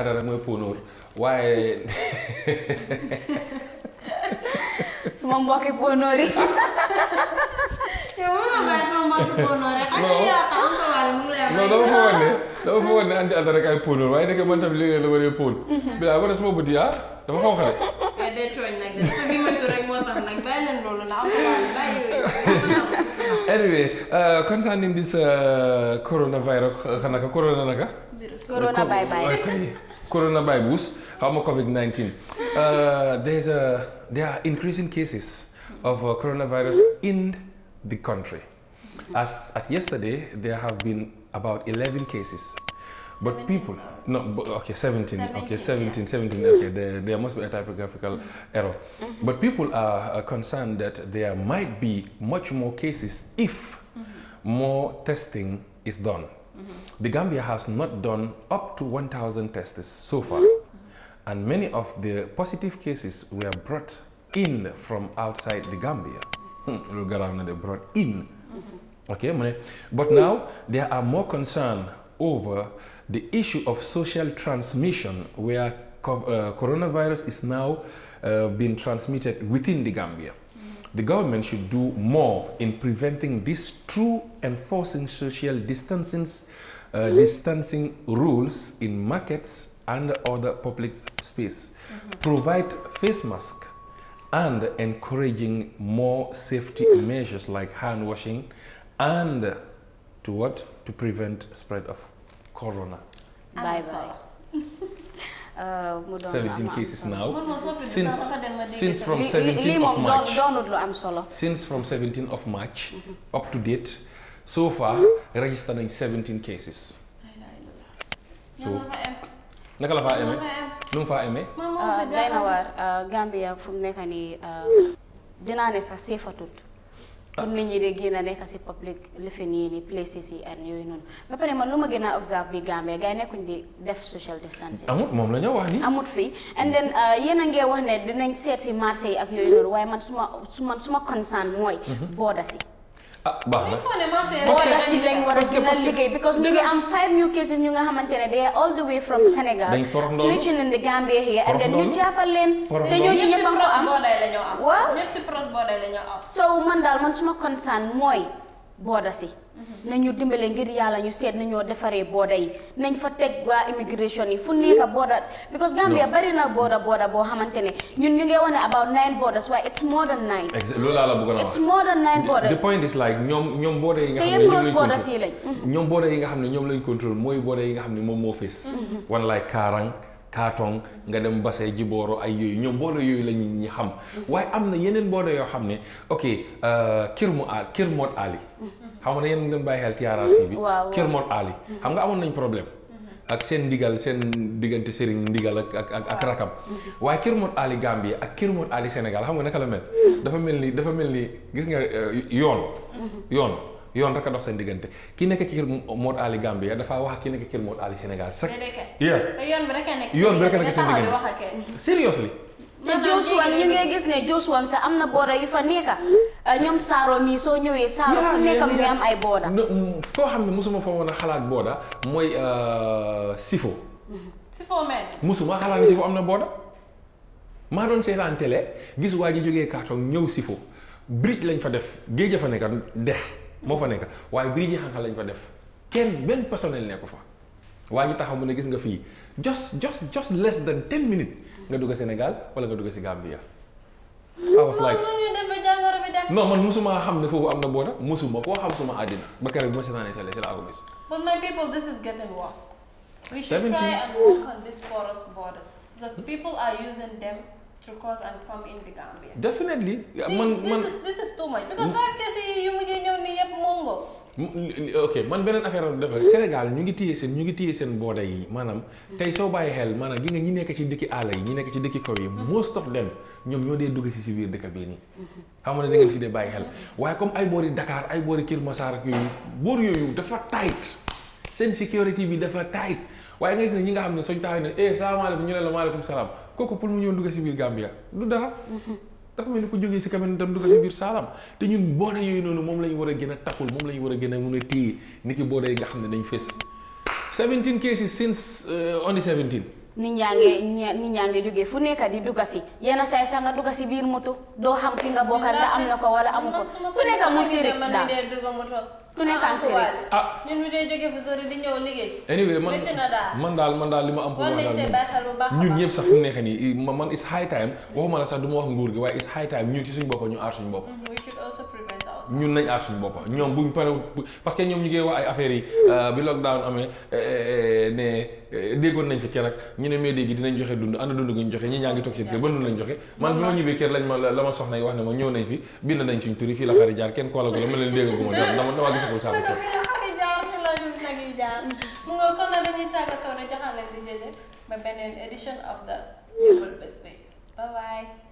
Adama mooy Ponor waaye. su ma mbokki Ponor yi. yow mënoo bàyyi sama mbokki Ponor rek. rek ay Ponor waaye nekk man tam léeg-léeg dama dee Pon. Mhm. bilaa ba ne suma bët yi ah dafa dimantu rek moo tax nag bàyyi leen loolu ndax am anyway uh, concerning this uh, coronavirus xanaka uh, corona coronavirus, COVID-19. Uh, there's a, there are increasing cases of uh, coronavirus in the country. As at yesterday, there have been about 11 cases. But people, no, but, okay, 17, 17, okay, 17, yeah. 17, okay, there, there, must be a typographical mm-hmm. error. Mm-hmm. But people are concerned that there might be much more cases if mm -hmm. more testing is done. The Gambia has not done up to 1,000 tests so far. And many of the positive cases were brought in from outside the Gambia. Hmm, look around, they brought in. Okay, but now there are more concern over the issue of social transmission where uh, coronavirus is now uh, being transmitted within the Gambia the government should do more in preventing this, true enforcing social distancing, uh, mm-hmm. distancing rules in markets and other public space. Mm -hmm. Provide face mask and encouraging more safety mm. measures like hand washing and to what? To prevent spread of corona. Bye-bye. Euh, mu doon lu am solo since from 17 of March up to date so far register nañ 17 cases so naka la faa amee lu mu faa amee ah, day na waar ah, Gambia fu mu nekk nii ah, dinaa ne sax siifatut comme nit ñi di génn a si public lifin yi ni places yi and yooyu noonu ba pare man lu ma gën a observe bi Gambia gars yi nekkuñ di def social distancing. amut moom la ñu wax ni amut fii and then uh, yéen a ngee wax ne dinañ seet si marché yi ak yooyu noonu waaye man suma su man suma concern mooy mhm. booda si ah baax na parce que parce que parce que because we am five new cases ñu nga xamante ne they are all the way from Senegal. dañ porox loolu snitching in the Gambia here and then ñu jàppal leen. te ñooñu ñëpp a ko am si cross border la ñu am. so man daal man suma concern mooy. booda si nañu dimbale ngir yàlla ñu seet nañoo defaree booda yi nañ fa teg waa immigration yi fu nekk booda because Gambia bari na booda booda boo xamante ne ñun ñu ngi wane about nine borders waaye it's more than nine loolu laa la bëggoon a wax it's more than nine borders the point is like ñoom ñoom booda yi nga xam ne cross borders yi ñoom booda yi nga xam ne ñoom lañ contrôle mooy booda yi nga xam ne moom moo fees wan mm-hmm. like Karang kaatong nga dem basee jibooro ay yooyu ñoom mbooloo yooyu la ñi xam waaye am na yeneen mbooloo yoo xam ne ok kirmu euh, al kirmoot ali xam nga yéen ngeen bàyyi xel tiyaaraasi bi kirmoot ali xam nga amoon nañ problème ak seen ndigal seen diggante sëriñ ndigal ak ak ak rakam waaye kirmoot ali Gambie ak kirmoot ali Sénégal xam nga naka la mel mm-hmm. dafa mel ni dafa mel ni gis nga euh, yoon mm-hmm. yoon yoon rek a dox seen diggante ki nekk ci kër Mod Ali Gambia dafa wax ki nekk kër Mod Ali Sénégal. c' yoon bi rek a nekk a nekk seen diggante seriously te Joshua ñu ngi gis ne Joshua sax am na booda yu fa nekka ah, ñoom Saaro mii soo ñëwee Saaro ay booda mm, foo xam ne mosuma foo xalaat booda mooy uh, Sifo mm-hmm. Sifo mel mosuma xalaat am na booda maa doon seetaan waa ji jógee Kartong ñëw Sifo bridge lañ fa def géej a fa nekka dex mo fa way waaye ñi ñaxanqa lañ fa def kenn ben personnel nekku fa waa ji taxaw mu ne gis nga fi just just just less than ten minutes nga dugg Senegal, wala nga dugg ci Gambia. I was like non man musuma xam ne fofu amna bona musuma ko xam suma adina ba kare bi ma seetaanee télé si laa ko gis. but my people this is getting worse. we should try and work on these porous borders because people are using them to cause and come in man, man, this, is, this is too much because five cases yu mujjee ñëw ni yëpp mongo. ok man beneen affaire dafa Sénégal ñu ngi téye seen ñu ngi téye seen booda yi maanaam tey soo bàyyi xel maanaam gi nga ñi nekk ci dëkki àll yi ñi nekk ci dëkki kaw yi mhm. most of them ñoom ñoo dee dugg si si biir dëkk bii nii mhm. xam nga ne da si dee bàyyi xel waaye comme ay boori Dakar ay boori Kër Massar ak yooyu boor yooyu dafa tight sen security bi dafa tight waye ngay ni nga xamne soñ taawee ne eh alaykum ñu ne la salam, salaam kooku pour mu ñu dugg ci bir Gambia du dara. tax mel ni ku joggé ci caméra tam dugg ci bir salam te ñun boode yooyu noonu moom la ñu war taxul mom la wara gëna mëna gën niki mun nga xamne dañ 17 cases since uh, only 17. nit ñaa nit ñaa ngi fu nekk di dugg si yenn saa nga dugg si moto do xam ki nga am wala fu nekk ku nekk ah ñun ñu dee jóge fu sori di ñëw liggéey. anyway man man daal man daal li ma am. pour ma daal ñun ñëpp sax fu mu nekkee nii man it's high time waxuma la sax du wax nguur gi waaye it's high time ñun ci suñ bopp ñu aar suñu bopp. Mm-hmm, ñun nañ aar suñu bopp ñoom bu pare parce que ñoom ñu ngi wax ay affaires yi euh, bi lockdown amee euh, euh, ne déggoon nañ fi kër ak ñu ne mais léegi dinañ joxe dund ana dund gi ñu joxe ñi ñaa ngi toog seen kër ba dund lañ joxe man ma ñibbee wax ne ma ñëw nañ fi bind nañ suñ turi fii la xari jaar kenn dama damaa gisagul ne joxaan leen di jële ba beneen édition of the People Bés bi